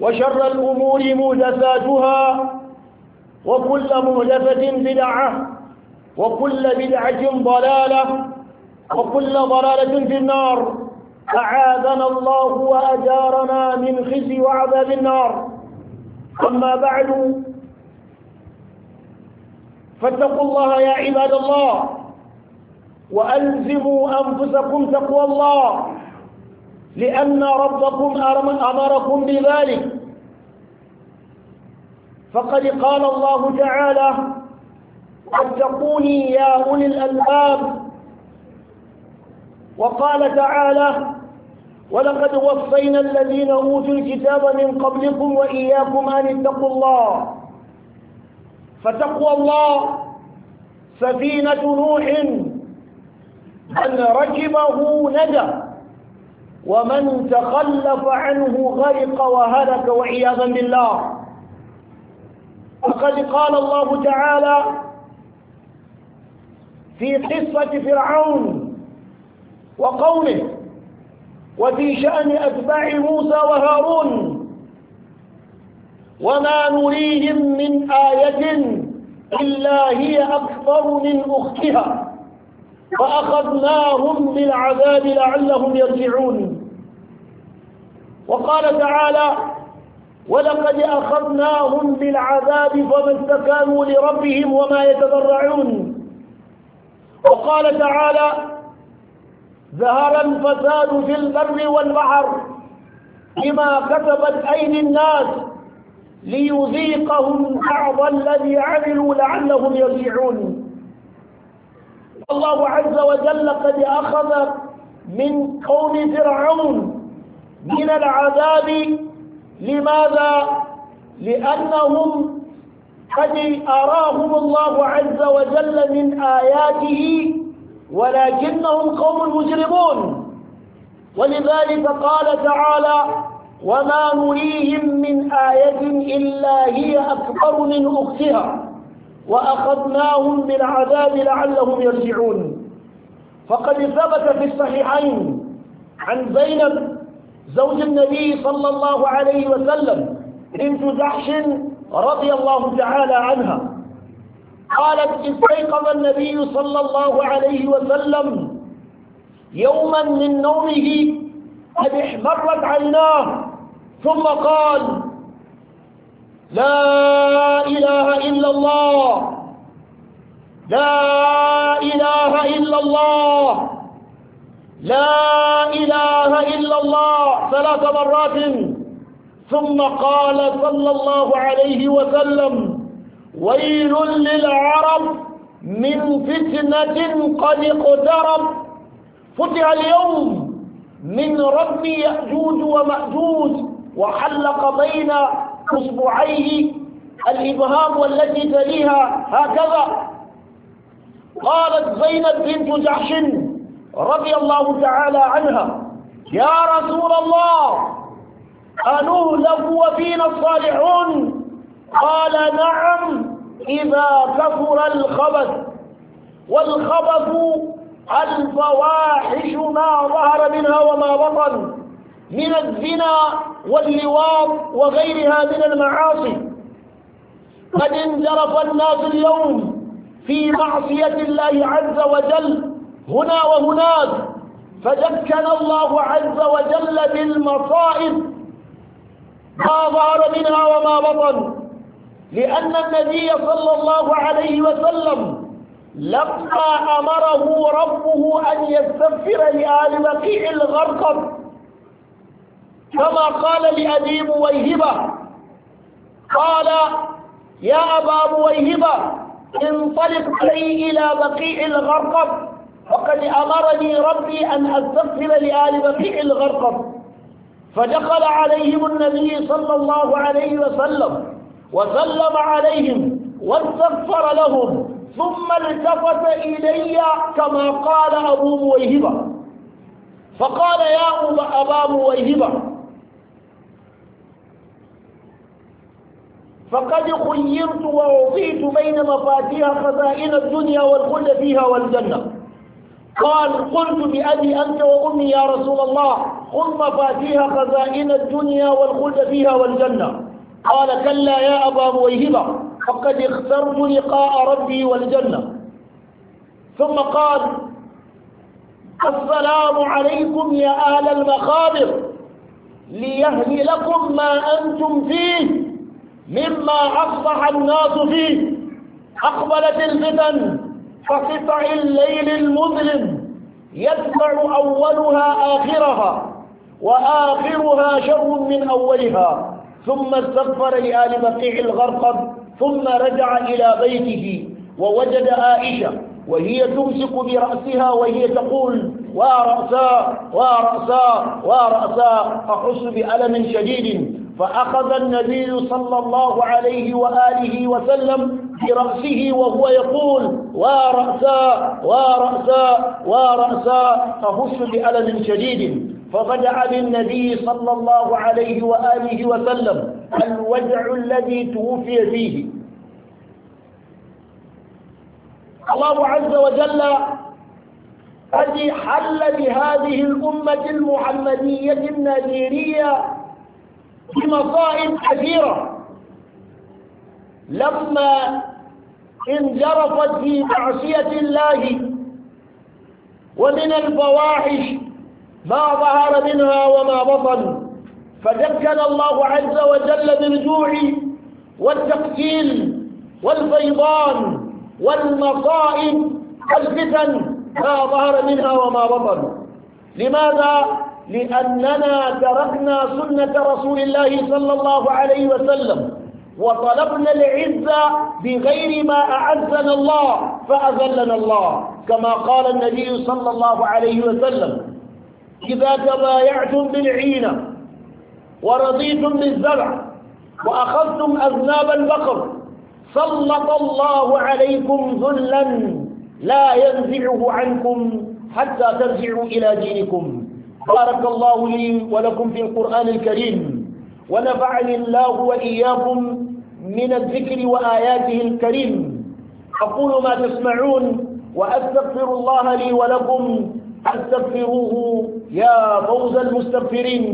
وشر الأمور مهدثاتها وكل مهدثة بدعة وكل بدعة ضلالة وكل ضلالة في النار أعاذنا الله وأجارنا من خزي وعذاب النار أما بعد فاتقوا الله يا عباد الله وألزموا أنفسكم تقوى الله لأن ربكم أمركم بذلك فقد قال الله تعالى واتقوني يا أولي الألباب وقال تعالى ولقد وصينا الذين أوتوا الكتاب من قبلكم وإياكم أن اتقوا الله فتقوى الله سفينة نوح من ركبه نجا ومن تخلف عنه غرق وهلك وعياذا بالله وقد قال الله تعالى في قصة فرعون وقومه وفي شأن أتباع موسى وهارون وما نريهم من آية إلا هي أكثر من أختها فأخذناهم بالعذاب لعلهم يرجعون وقال تعالى ولقد أخذناهم بالعذاب فما استكانوا لربهم وما يتضرعون وقال تعالى ذهب الفساد في البر والبحر بما كتبت أيدي الناس ليذيقهم بعض الذي عملوا لعلهم يرجعون الله عز وجل قد أخذ من قوم فرعون من العذاب لماذا لانهم قد اراهم الله عز وجل من اياته ولكنهم قوم مجرمون ولذلك قال تعالى وما نريهم من آية إلا هي أكبر من أختها وأخذناهم بالعذاب لعلهم يرجعون فقد ثبت في الصحيحين عن زينب زوج النبي صلى الله عليه وسلم بنت جحش رضي الله تعالى عنها قالت استيقظ النبي صلى الله عليه وسلم يوما من نومه قد احمرت عيناه ثم قال لا إله إلا الله لا إله إلا الله لا إله إلا الله ثلاث مرات ثم قال صلى الله عليه وسلم ويل للعرب من فتنة قد اقترب فتح اليوم من رب يأجوج ومأجوج وحلق بين أصبعيه الإبهام والتي تليها هكذا قالت زينب بنت جحش رضي الله تعالى عنها يا رسول الله أنهلك وفينا الصالحون قال نعم إذا كفر الخبث والخبث الفواحش ما ظهر منها وما بطن من الزنا واللواط وغيرها من المعاصي قد انجرف الناس اليوم في معصية الله عز وجل هنا وهناك فذكر الله عز وجل بالمصائب ما ظهر منها وما بطن لأن النبي صلى الله عليه وسلم لما أمره ربه أن يستغفر لآل بقيع الغرقب كما قال لأبي مويهبة قال يا أبا مويهبة انطلق لي إلى بقيع الغرقب فقد أمرني ربي أن أستغفر لآل بقيع الغرقم فدخل عليهم النبي صلى الله عليه وسلم وسلم عليهم واستغفر لهم ثم التفت إلي كما قال أبو مويهبة فقال يا أبا مويهبة فقد خيرت وعطيت بين مفاتيح خزائن الدنيا والخلد فيها والجنة قال قلت بأبي أنت وأمي يا رسول الله خذ مفاتيح خزائن الدنيا والخلد فيها والجنة قال كلا يا أبا مويهبة فقد اخترت لقاء ربي والجنة ثم قال السلام عليكم يا أهل المخابر ليهني لكم ما أنتم فيه مما أصبح الناس فيه أقبلت الفتن كقطع الليل المظلم يتبع أولها آخرها وآخرها شر من أولها ثم استغفر لآل بقيع الغرقد ثم رجع إلى بيته ووجد عائشة وهي تمسك برأسها وهي تقول ورأسا ورأسا ورأسا أحس بألم شديد فأخذ النبي صلى الله عليه وآله وسلم برأسه وهو يقول ورأسا ورأسا ورأسا فهش بألم شديد فرجع للنبي صلى الله عليه وآله وسلم الوجع الذي توفي فيه الله عز وجل قد حل بهذه الأمة المحمدية النذيرية بمصائب كثيرة لما انجرفت في معصية الله ومن الفواحش ما ظهر منها وما بطن فذكر الله عز وجل بالجوع والتقتيل والفيضان والمصائب الفتن ما ظهر منها وما بطن لماذا لأننا تركنا سنة رسول الله صلى الله عليه وسلم وطلبنا العزة بغير ما أعزنا الله فأذلنا الله كما قال النبي صلى الله عليه وسلم إذا تبايعتم بالعينة ورضيتم بالزرع وأخذتم أذناب البقر سلط الله عليكم ذلا لا ينزعه عنكم حتى ترجعوا إلى دينكم بارك الله لي ولكم في القرآن الكريم ونفعني الله وإياكم من الذكر وآياته الكريم أقول ما تسمعون وأستغفر الله لي ولكم أستغفروه يا فوز المستغفرين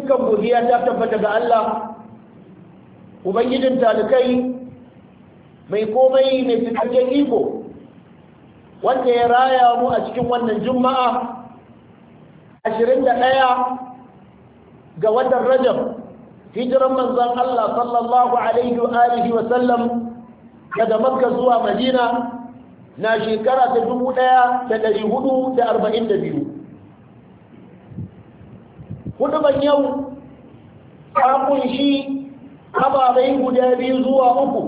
dukkan godiya ta tabbata ga Allah ubangijin talikai mai komai mai cikakken iko wanda ya raya mu a cikin wannan juma'a 21 ga watan rajab hijiran manzon Allah sallallahu alaihi wa alihi wa sallam daga makka zuwa madina na shekara ta 1442 huduban yau ta kunshi ababai guda biyu zuwa uku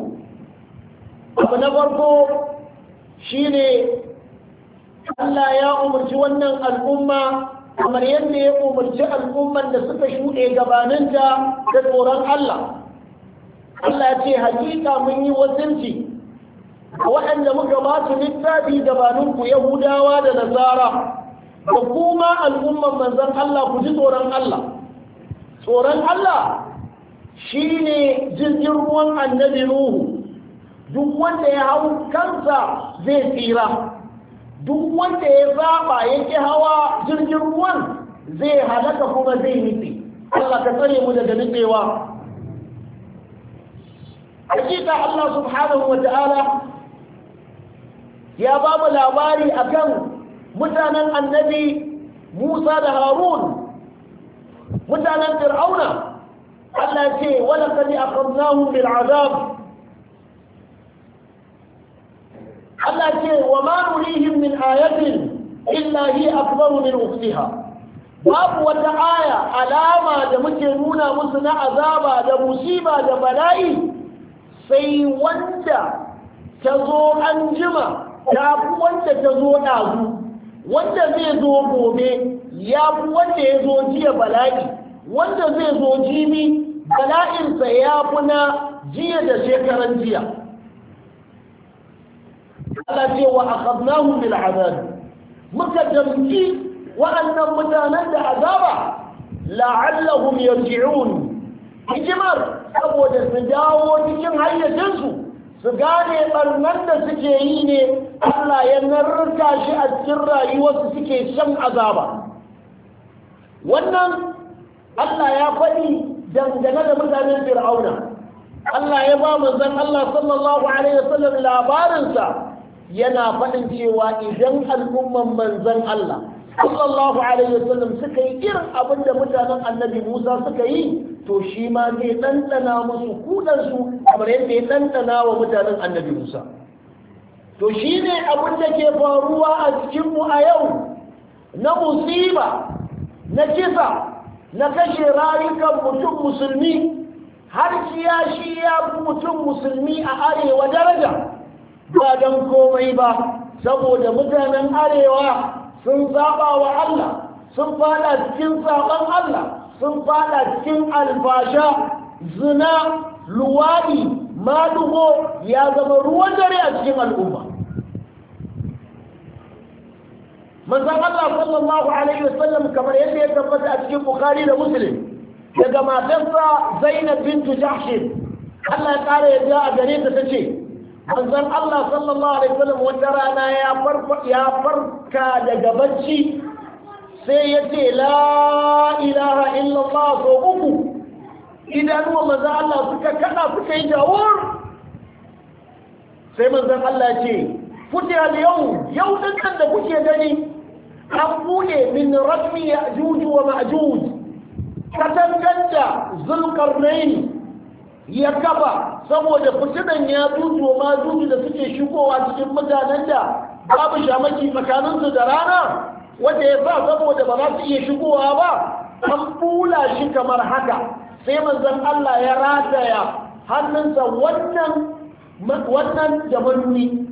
abu na farko shine Allah ya umarci wannan al'umma kamar yadda ya umarci al'umman da suka shuɗe gabaninta da tsoron Allah Allah ya ce hakika mun yi wasanci waɗanda muka ba su littafi gabaninku yahudawa da nasara da kuma al'umman manzan Allah ku ji tsoron Allah tsoron Allah shine jirgin ruwan annabi Nuhu duk wanda ya hau kansa zai tsira duk wanda ya zaba yake hawa jirgin ruwan zai halaka kuma zai nufi Allah ka tsare mu daga nufewa hakika Allah subhanahu wa ta'ala ya ba mu labari akan mutanen annabi musa da harun mutanen fir'auna Allah ce wala kadi akhadnahum bil azab Allah ce wa ma nurihim min ayatin illa hi akbaru min ukhtiha babu wata aya alama da muke nuna musu na azaba da musiba da bala'i sai wanda ta zo an jima ta wanda ta zo ɗazu wanda zai zo gobe ya fi wanda ya zo jiya bala'i wanda zai zo jimi bala'insa ya fi na jiya da shekaran jiya Allah ce wa akhadnahu bil azab muka damki wa'annan mutanen da azaba la'allahum yarji'un hijimar saboda su dawo cikin hayyacinsu su gane ɓarnar da suke yi ne Allah ya narka shi a cikin rayuwarsu suke shan azaba wannan Allah ya faɗi dangane da mutanen fir'auna Allah ya ba manzon Allah sallallahu alaihi wasallam labarinsa yana faɗin cewa idan al'umman manzon Allah sallallahu alaihi wasallam suka yi irin abin da mutanen annabi Musa suka yi to shi ma zai ɗanɗana musu kudansu kamar yadda ya ɗanɗana wa mutanen annabi Musa to shi ne abin da ke faruwa a cikinmu a yau na musiba na kisa na kashe rayukan mutum musulmi har shiya shi ya mutum musulmi a arewa daraja ba don komai ba saboda mutanen arewa sun zaɓa wa Allah sun fada cikin saban Allah sun fada cikin alfasha zina luwaɗi madugo ya zama ruwan dare a cikin al'umma manzan Allah sallallahu alaihi wasallam kamar yadda ya tabbata a cikin Bukari da Muslim daga matarsa Zainab bintu Jahsh Allah ya kare yadda a gare ta tace manzon Allah sallallahu alaihi wasallam wata rana ya farka ya farka daga bacci sai ya ce la ilaha illallah so uku idanuwan maza Allah suka kada suka yi jawur sai manzon Allah ce fute al yau yau dinnan da kuke gani an bude min rasmi ya'juj wa ma'juj katangan da zulqarnain ya kafa saboda fitinan ya zuzo ma dutu da suke shigowa cikin mutanen da babu shamaki makaninsu da rana wanda ya sa saboda ba za su iya shigowa ba an bula shi kamar haka sai manzon Allah ya rataya hannunsa wannan wannan da manuni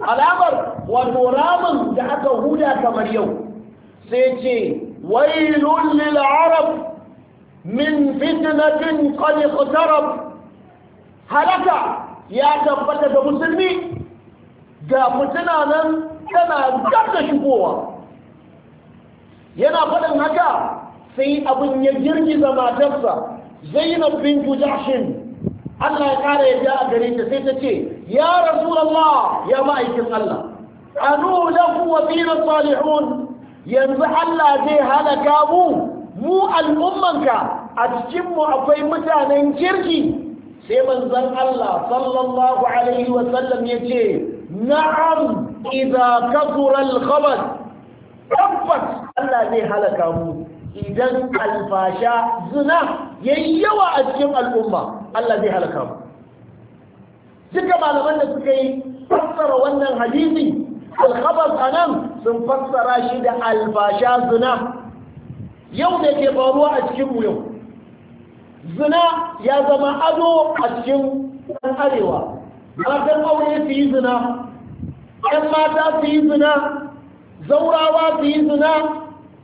alamar wato ramin da aka huda kamar yau sai ce wailul lil arab min fitnatin qad iqtarab halaka ya tabbata da musulmi ga fitina nan tana gab shigowa yana faɗin haka sai abin ya girgiza matarsa zainab bin jahshin Allah ya ƙara ya ja a gare ta sai ta ce ya rasulullah ya ma'aikin Allah anu lahu wa fina salihun yanzu Allah zai halaka mu mu haka a cikinmu akwai mutanen kirki sai manzon Allah sallallahu alaihi wasallam ya ce na'am idza kafura al-khabar tabbas Allah zai halaka mu idan alfasha zina yayi yawa a cikin al'umma Allah zai halaka mu duka malaman da suka yi fassara wannan hadisi al-khabar anan sun fassara shi da alfasha zina yau da ke faruwa a cikinmu yau zina ya zama ado a cikin ɗan arewa matan aure su yi zina ‘yan mata su yi zina zaurawa su yi zina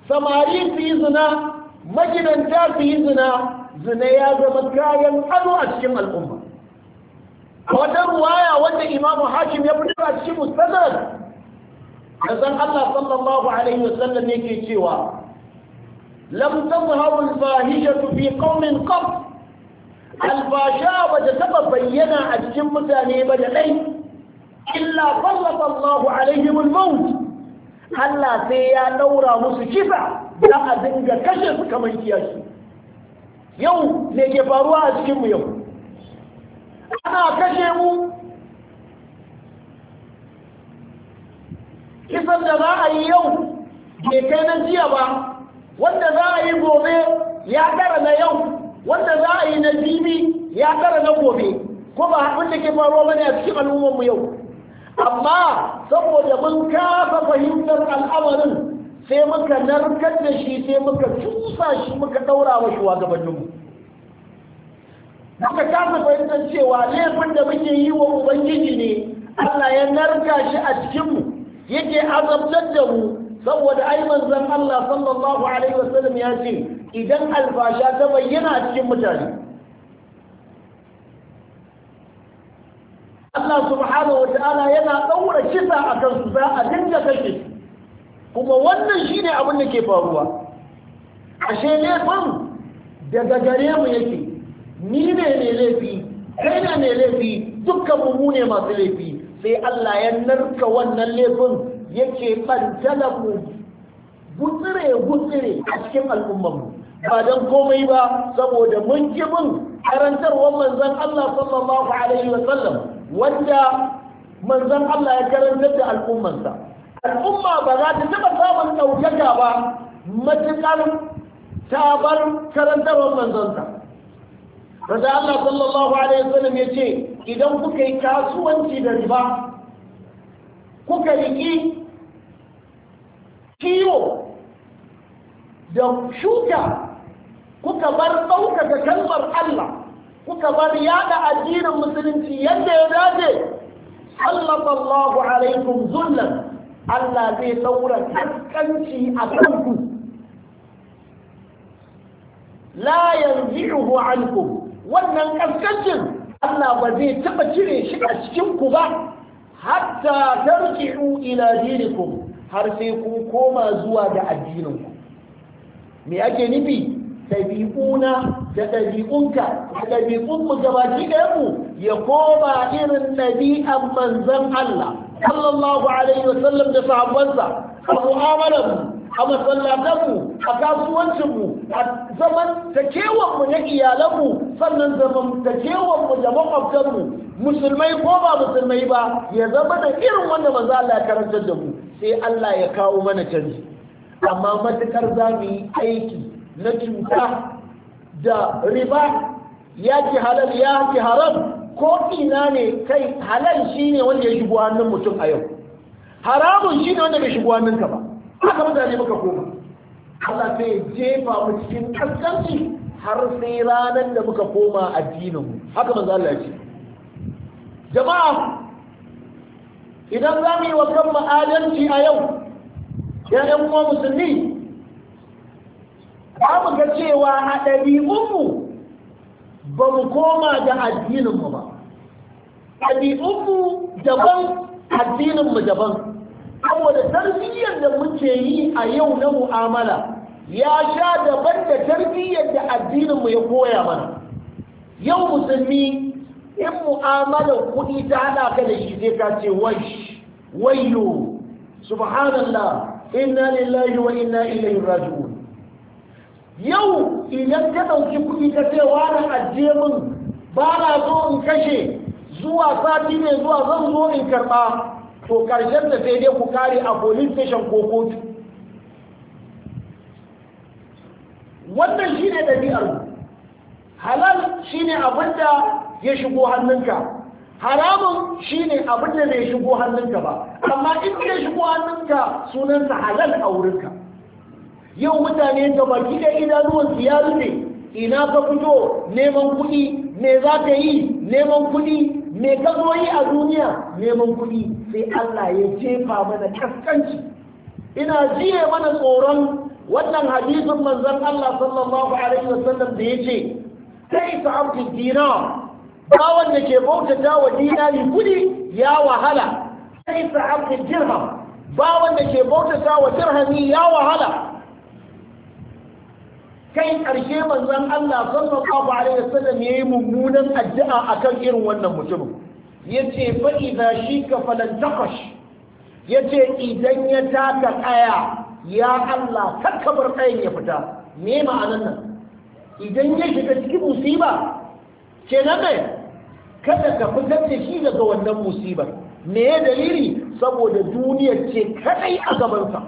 samari su yi zina maginanta su yi zina zina ya zama kayan ado a cikin al'umma a wata ruwaya wanda imamu hakim ya fito a cikin musadar da san Allah sallallahu alaihi wasallam yake cewa لم تظهر الفاحشة في قوم قط الفاشاء وجسد بينا أجم تانيب لدي إلا فلط الله عليهم الموت ألا سيا نورا مسكفة لا أذنك كشف كما يتياشي يوم نجفاروا فاروا أجم يوم أنا كشف كيف أن za a yi yau wanda za a yi gobe ya tara na yau wanda za a yi na jibi ya tara na gobe ko ba abin da ke faruwa bane a cikin al'ummarmu yau amma saboda mun kafa fahimtar al'amarin sai muka narkar da shi sai muka cusa shi muka ɗaura wa shugabanninmu muka kasa fahimtar cewa laifin da muke yi wa ubangiji ne Allah ya narka shi a cikinmu yake azabtar da mu saboda ai manzon Allah sallallahu alaihi wasallam ya ce idan alfasha ta bayyana a cikin mutane Allah subhanahu wataala yana daura kisa a kansu za a dinga kashe kuma wannan shine abin da ke faruwa ashe laifin daga gare mu yake ni ne ne laifi kai ne ne laifi dukkan mu ne masu laifi sai Allah ya narka wannan laifin yake fantalaku gutsire gutsire a cikin al'ummarmu ba don komai ba saboda mun ji mun karantarwar manzan Allah sallallahu alaihi wa sallam wanda manzan Allah ya karantar da al'ummarsa al'umma ba za ta taba samun ɗaukaka ba matuƙar ta bar karantarwar manzonsa Raja Allah sallallahu Alaihi wasallam ya ce, Idan kuka yi kasuwanci da riba, kuka yi kiwo da shuka kuka bar ɗaukaka kalmar Allah kuka bar yada addinin musulunci yadda ya dace sallallahu alaikum zullan Allah zai daura kaskanci a kanku la yanzi'uhu ankum wannan kaskancin Allah ba zai taba cire shi a cikin ku ba hatta tarji'u ila dinikum har sai kun koma zuwa ga addininku me ake nufi ɗabi'una da ɗabi'unka da ɗabi'unmu gabaki ɗayanmu ya koma irin ɗabi'an manzan Allah sallallahu alaihi sallam da sahabbansa a mu'amalarmu a masallatanmu a kasuwancinmu a zaman da kewanmu na iyalanmu sannan zaman da kewanmu da makwabtanmu musulmai ko ba musulmai ba ya zama da irin wanda maza Allah ya karantar da mu sai Allah ya kawo mana canji amma matukar za mu yi aiki na cuta da riba ya ki halal ya ki haram ko ina ne kai halal shine wanda ya shigo hannun mutum a yau haramun shine wanda bai shigo ka ba haka mutane muka koma Allah sai jefa mu cikin kaskanci har sai ranar da muka koma addinin mu haka manzo Allah ya ce jama'a idan za mu yi wa kanmu adalci a yau ‘ya'yan kuma musulmi za mu ga cewa a ɗabi'unmu ba mu koma da addininmu ba ɗabi'unmu daban addininmu daban saboda tarbiyyar da muke yi a yau na mu'amala ya sha daban da tarbiyyar da addininmu ya koya mana yau musulmi in mu'amalar kuɗi ta hada ka da shi zai kace wai wayo subhanallah inna lillahi wa inna ilaihi raji'un yau idan ka ɗauki kuɗi ka ce wani ajiye min ba na zo in kashe zuwa sati ne zuwa zan zo in karɓa to ƙarshen da sai dai ku kare a police station ko kotu wannan shi ne ɗabi'ar halal shi ne abin da ya shigo hannunka haramun shine abin da bai shigo hannunka ba amma in ya shigo hannunka sunansa halal a wurinka yau mutane da baki da idanuwansu ya rufe ina ka fito neman kuɗi me za ka yi neman kuɗi me ka zo yi a duniya neman kuɗi sai Allah ya jefa mana kaskanci ina jiye mana tsoron wannan hadisin manzon Allah sallallahu alaihi wasallam da ce. kai ta abdi dinar bawan da ke bautata wa dinari kudi ya wahala sai sa'abdin dirham bawan da ke bautata wa dirhami ya wahala kai ƙarshe manzon Allah sallallahu alaihi wasallam yayi mummunan addu'a akan irin wannan mutumin yace fa idza shika falan taqash yace idan ya taka kaya ya Allah kakkabar kayan ya fita me ma'anar nan idan ya shiga cikin musiba kenan ne kada ka fitar da shi daga wannan musibar me ya dalili saboda duniyar ce kadai a gabansa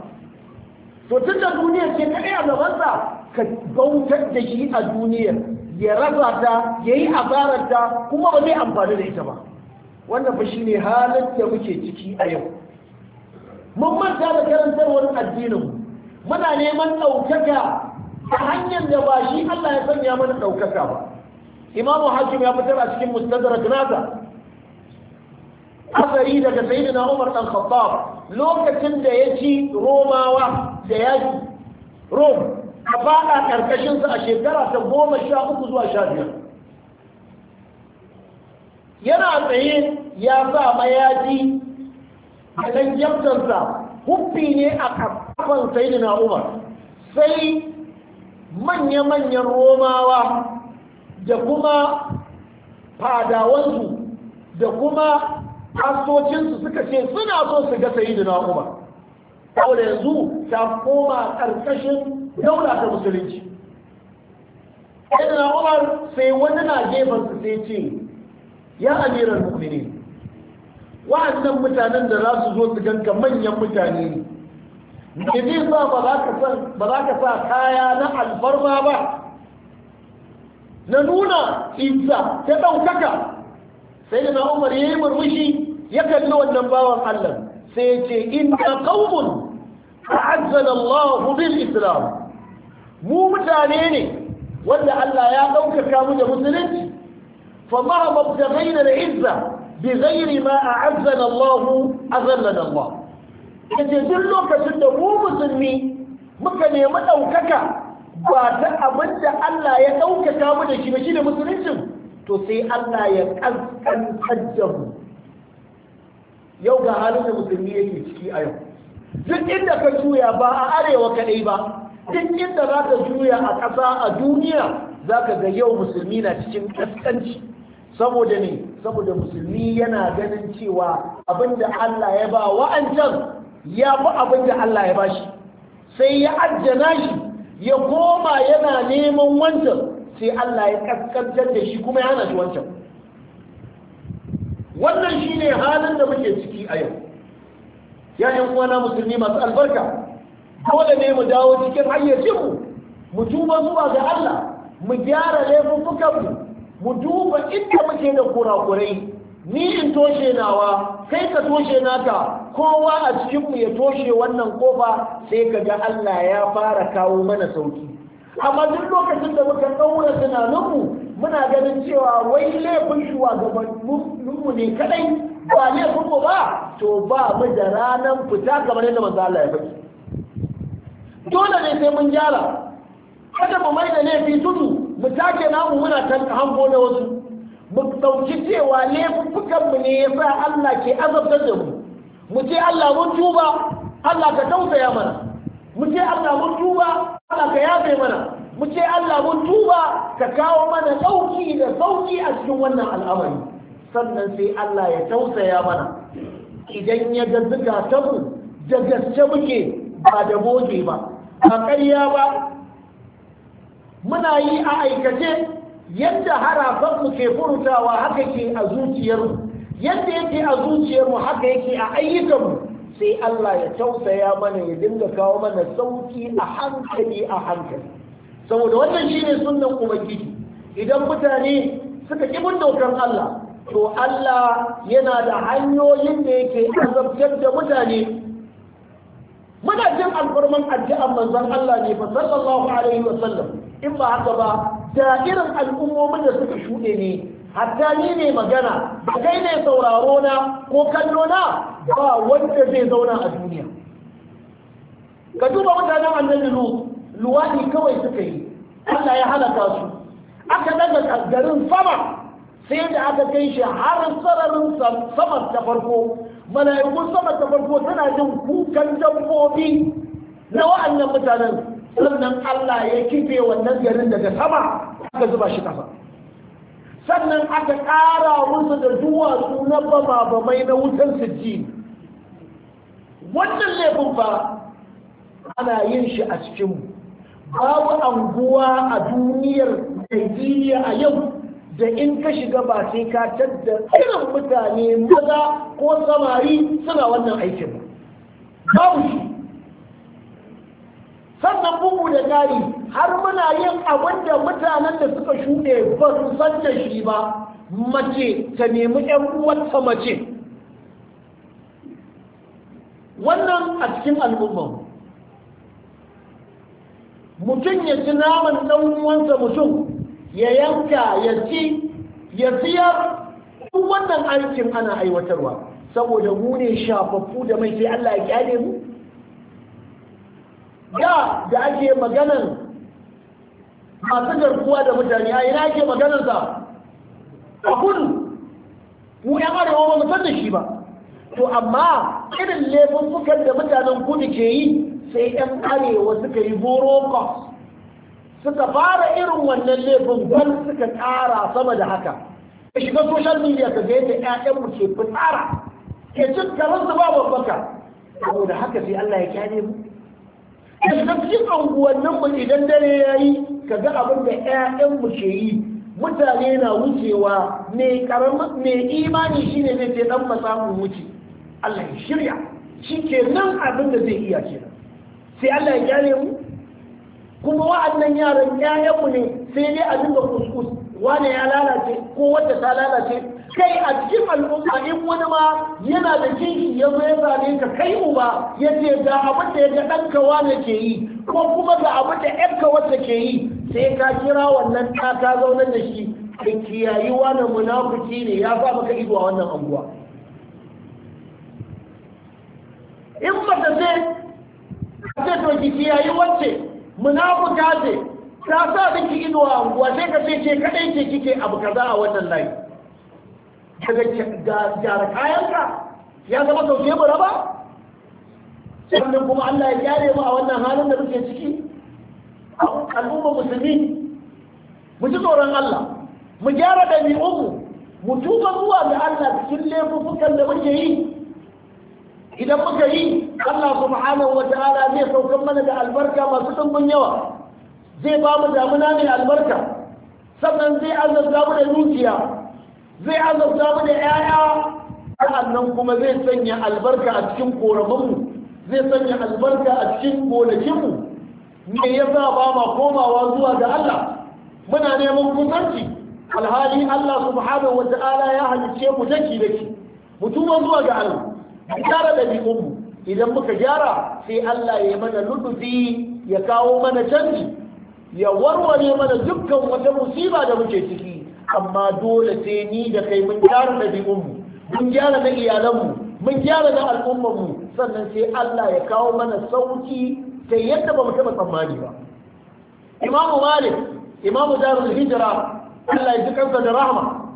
to tun da duniyar ce kadai a gabansa ka bautar da shi a duniyar ya raba ta ya yi ta kuma ba zai amfani da ita ba wannan ba shine halin da muke ciki a yau mun manta da karantarwar addinin muna neman ɗaukaka ta hanyar da ba shi Allah ya sanya mana ɗaukaka ba imamu hakim ya fitar a cikin mustadrak nasa asari daga sayyidina umar dan khattab lokacin da ya ci romawa da yaki rom a fada karkashinsa a shekara ta goma sha uku zuwa sha biyar yana tsaye ya sa mayaji a nan jamtansa huffi ne a kafan sayyidina umar sai manya-manyan romawa da kuma fadawansu da kuma asocinsu suka ce suna so su ga da umar saboda yanzu ta koma ƙarƙashin daula ta musulunci da umar sai wani na gefansu sai ce ya amiran mu'mini wa'annan mutanen da za su zo su ganka manyan mutane ne ne ba za ka sa kaya na alfarma ba na nuna izza ta ɗaukaka sai da na umar ya yi murmushi ya kalli wannan bawan Allah sai ya ce inna qaumun ta'azzala Allah islam mu mutane ne wanda Allah ya ɗaukaka mu da musulunci fa ma mabtaghaina al izza bi ghairi ma a'azzana Allah azallana Allah kace duk lokacin da mu musulmi muka nemi ɗaukaka ba ta abin da Allah ya ɗaukaka mu da shi ba shi da musuluncin to sai Allah ya ƙasƙantar da mu yau ga halin da musulmi yake ciki a yau duk inda ka juya ba a arewa kaɗai ba duk inda za ka juya a ƙasa a duniya za ka ga yau musulmi na cikin ƙasƙanci saboda ne saboda musulmi yana ganin cewa abinda Allah ya ba wa'ancan ya fi abinda Allah ya ba shi sai ya ajjana shi ya koma yana neman wancan sai Allah ya kaskantar da shi kuma ya hana shi wancan wannan shine halin da muke ciki a yau ya yan uwana musulmi masu albarka dole ne mu dawo cikin hayyacinmu mu tuba zuwa ga Allah mu gyara laifukanmu, mu duba inda muke da kurakurai ni in toshe nawa kai ka toshe naka kowa a cikinmu ya toshe wannan kofa sai ka ga Allah ya fara kawo mana sauki amma duk lokacin da muka ɗaura tunaninmu muna ganin cewa wai laifin shugabanninmu ne kadai ba laifinmu ba to ba mu da ranar fita kamar yadda manzo Allah ya faɗi dole ne sai mun gyara kada mu mai da laifi tudu mu take namu muna tanka hango na wasu mu ɗauki cewa mu ne ya sa Allah ke azabtar da mu mu ce Allah mun tuba Allah ka tausaya mana mu ce Allah mun tuba Allah ka yafe mana mu ce Allah mun tuba ka kawo mana sauki da sauki a cikin wannan al'amari sannan sai Allah ya tausaya mana idan ya ga zukatanmu da gaske muke ba da boge ba ba ƙarya ba muna yi a aikace yadda mu ke furutawa haka ke a zuciyarmu yadda yake a zuciyarmu haka yake a ayyukanmu sai Allah ya tausaya mana ya dinga kawo mana sauki a hankali a hankali saboda wannan shine sunnan ubangiji idan mutane suka ki bin Allah to Allah yana da hanyoyin da yake azabtar da mutane muna jin alfarman addu'an manzon Allah ne fa sallallahu alaihi wa sallam in ba haka ba da irin al'ummomin da suka shuɗe ne hatta ni ne magana ba kai ne sauraro na ko kallo na ba wanda zai zauna a duniya ka duba mutanen annabi lu luwadi kawai suka yi Allah ya halaka su aka daga garin sama sai da aka kai shi har sararin sama ta farko mala'ikun sama ta farko tana jin kukan dabbobi na wa'annan mutanen sannan Allah ya kife wannan garin daga sama aka zuba shi kasa sannan aka ƙara musu da duwatsu na bama-bamai na wutan sijji wannan laifin ba ana yin shi a cikinmu babu anguwa a duniyar Najeriya a yau da in ka shiga ba sai ka tadda irin mutane maza ko samari suna wannan aikin babu shi sannan bugu da gari har muna yin abin da mutanen da suka shuɗe ba su san da shi ba mace ta nemi ‘yan uwarta mace wannan a cikin al'umman mutum ya ci naman ɗan uwansa mutum ya yanka ya ci ya siyar wannan aikin ana aiwatarwa saboda mu ne shafaffu da mai sai Allah ya kyale mu da da ake maganan masu garkuwa da mutane a na ake maganarsa, a kudu mu yan arewa ba mutum da shi ba to amma irin fukar da mutanen kudu ke yi sai yan arewa suka yi boro suka fara irin wannan laifin gwal suka ƙara sama da haka ka shiga social media ka ga yadda 'ya'yanmu ke fitsara ke cikin karansu ba babbaka saboda haka sai Allah ya kyale mu yanzu cikin anguwannin mu idan dare ya yi ka ga abin da 'ya'yanmu ke yi mutane na wucewa mai imani shine zai ce dan samun wuce Allah ya shirya shi ke nan abin da zai iya ce sai Allah ya gyare mu kuma wa'annan yaran 'ya'yanmu ne sai dai a dinga kuskus wane ya lalace ko wadda ta lalace kai a cikin al'umma in wani ma yana da kinki ya zo ya zane ka kai uba ya ce ga abin da ya ga ɗanka wane ke yi ko kuma ga abin da ka wadda ke yi sai ka kira wannan ta ka zaunar da shi ka kiyayi wani munafuki ne ya sa maka ido a wannan anguwa in ba ta ce ka ce to ki kiyayi wacce munafuka ce ta sa miki ido a unguwa sai ka ce ce kadai ce kike abu kaza a wannan layi daga gyara kayanka ya zama sauke mu raba sannan kuma Allah ya gyare mu a wannan halin da muke ciki A al'umma musulmi mu ji tsoron Allah mu gyara ɗabi'unmu mu tuba zuwa ga Allah cikin laifukan da muke yi idan muka yi Allah subhanahu wa ta'ala zai saukan mana da albarka masu ɗumbin yawa zai ba mu damuna mai albarka sannan zai azabta mu da dukiya zai azabta mu da 'ya'ya sa'annan kuma zai sanya albarka a cikin korafinmu zai sanya albarka a cikin gonakinmu me ya sa ba ma komawa zuwa ga Allah muna neman kusanci alhali Allah subhanahu wa ta'ala ya halice mu daki daki mutuma zuwa ga Allah gyara ɗabi'unmu idan muka gyara sai Allah ya mana lutufi ya kawo mana canji ya warware mana dukkan wata musiba da muke ciki amma dole sai ni da kai mun gyara da ɗabi'unmu mun gyara na iyalanmu mun gyara na al'ummarmu sannan sai Allah ya kawo mana sauki ta yadda ba mu taɓa tsammani ba imamu malik imamu darul hijira Allah ya ji kansa da rahama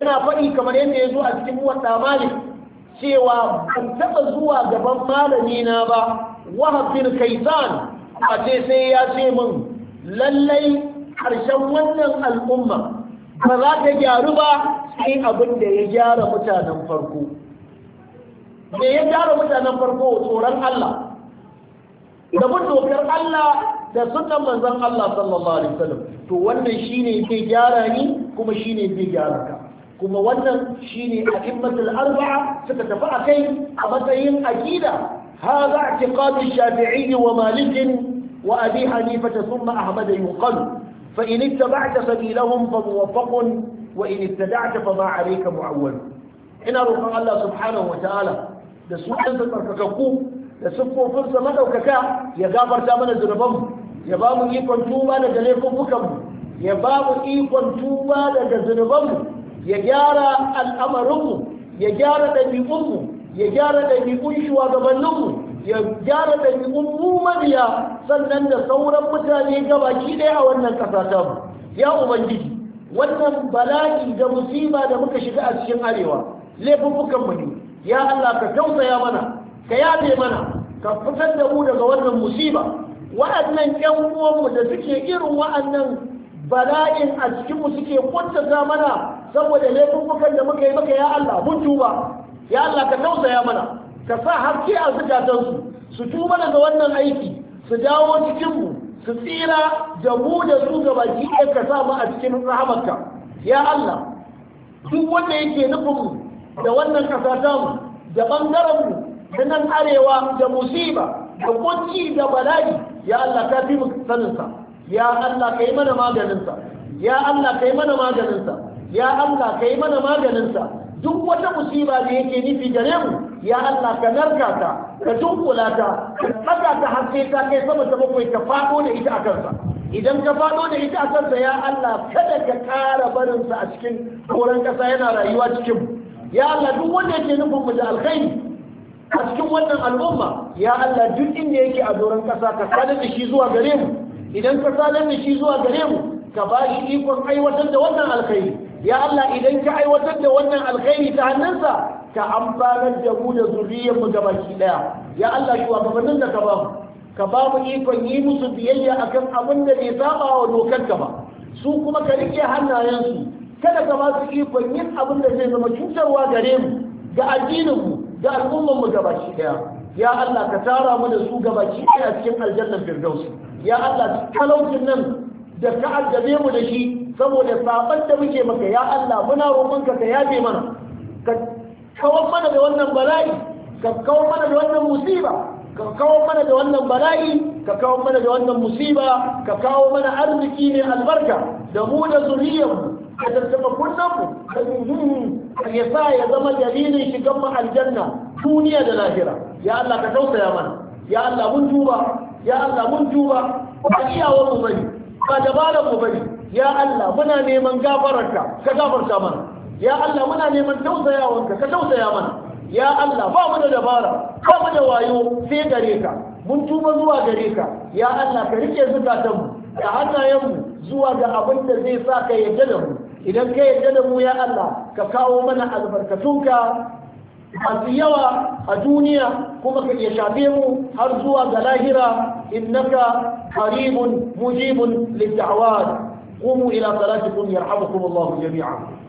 yana faɗi kamar yadda ya zo a cikin muwatta malik cewa ban taɓa zuwa gaban malami na ba wahab bin kaisan a ce sai ya ce min lallai harshen wannan al'umma ba za ta gyaru ba sai abin da ya gyara mutanen farko me ya gyara mutanen farko tsoron Allah da bin dokar Allah da suka manzan Allah sallallahu alaihi wasallam to wannan shine zai gyara ni kuma shine zai gyara ka kuma wannan shine a'immatul arba'a suka tafi akai a matsayin aqida هذا اعتقاد wa ومالك وأبي حنيفة ثم أحمد يقل فإن اتبعت سبيلهم فموفق وإن ابتدعت فما عليك معول ina roƙon Allah subhanahu wataala da sunansa tsarkakakku da siffofinsa madaukaka ya gafarta mana zunubanmu ya ba mu ikon tuba daga laifukanmu ya ba mu ikon tuba daga zunubanmu ya gyara al'amarinmu ya gyara ɗabi'unmu ya gyara ɗabi'un shugabanninmu ya gyara da mu sannan da sauran mutane gabaki ɗaya a wannan ƙasa ta mu ya ubangiji wannan bala'i da musiba da muka shiga a cikin arewa laifuffukan mu ne ya Allah ka tausaya mana ka yafe mana ka fitar da mu daga wannan musiba wa'annan ƴan uwanmu da suke irin wa'annan bala'in a cikin mu suke kuntata mana saboda laifuffukan da muka yi maka ya Allah mun tuba ya Allah ka tausaya mana ka sa haske a zukatansu su tuba daga wannan aiki su dawo cikinmu su tsira da mu da su ga baki ɗaya ka sa mu a cikin rahamarka ya Allah duk wanda yake nufin da wannan ƙasa tamu da ɓangaren mu da nan arewa da musiba da kunci da bala'i ya Allah ka fi mu saninsa ya Allah ka yi mana maganinsa ya Allah ka yi mana maganinsa ya Allah ka yi mana maganinsa duk wata musiba da yake nufi gare mu ya Allah ka narka ta ka dunkula ta ka tsaka ta har sai ta kai sama ta bakwai ka fado da ita a kansa idan ka fado da ita a kansa ya Allah kada ka ƙara barinsa a cikin koren ƙasa yana rayuwa cikin ya Allah duk wanda yake nufin mu da alkhairi a cikin wannan al'umma ya Allah duk inda yake a doron ƙasa ka sadar da shi zuwa gare mu idan ka sadar da shi zuwa gare mu ka ba shi ikon aiwatar da wannan alkhairi ya Allah idan ka aiwatar da wannan alkhairi ta hannunsa ka amfanar da mu da zuriyar mu gabaki daya ya Allah shi wa da ka ba mu ka ba mu ikon yi musu biyayya akan abin da bai saba wa dokar ka ba su kuma ka rike hannayensu kada ka ba su ikon yin abin da zai zama cutarwa gare mu ga addinin mu ga al'ummar mu gabaki daya ya Allah ka tara mu da su gabaki daya cikin aljannar firdausi ya Allah talaucin nan da ka addabe mu da shi saboda saban da muke maka ya Allah muna roƙonka ka yafe mana ka kawo mana da wannan bala'i ka kawo mana da wannan musiba ka kawo mana da wannan bala'i ka kawo mana da wannan musiba ka kawo mana arziki ne albarka da mu da zuriyarmu ka tattaba mu ka ya sa ya zama dalilin shigan mu aljanna duniya da lahira ya Allah ka tausaya mana ya Allah mun tuba ya Allah mun tuba ba iyawar mu bari. ba dabarar mu bari. ya Allah muna neman gafararka ka gafarta mana ya Allah muna neman tausayawanka ka tausaya mana ya Allah ba mu da dabara ba mu da wayo sai gare ka mun tuba zuwa gare ka ya Allah ka rike zukatanmu da hannayenmu zuwa ga abin da zai sa ka yarda da mu idan ka yarda da mu ya Allah ka kawo mana albarkatunka masu yawa a duniya kuma ka iya shafe mu har zuwa ga lahira innaka qaribun mujibun lid قوموا إلى صلاتكم يرحمكم الله جميعا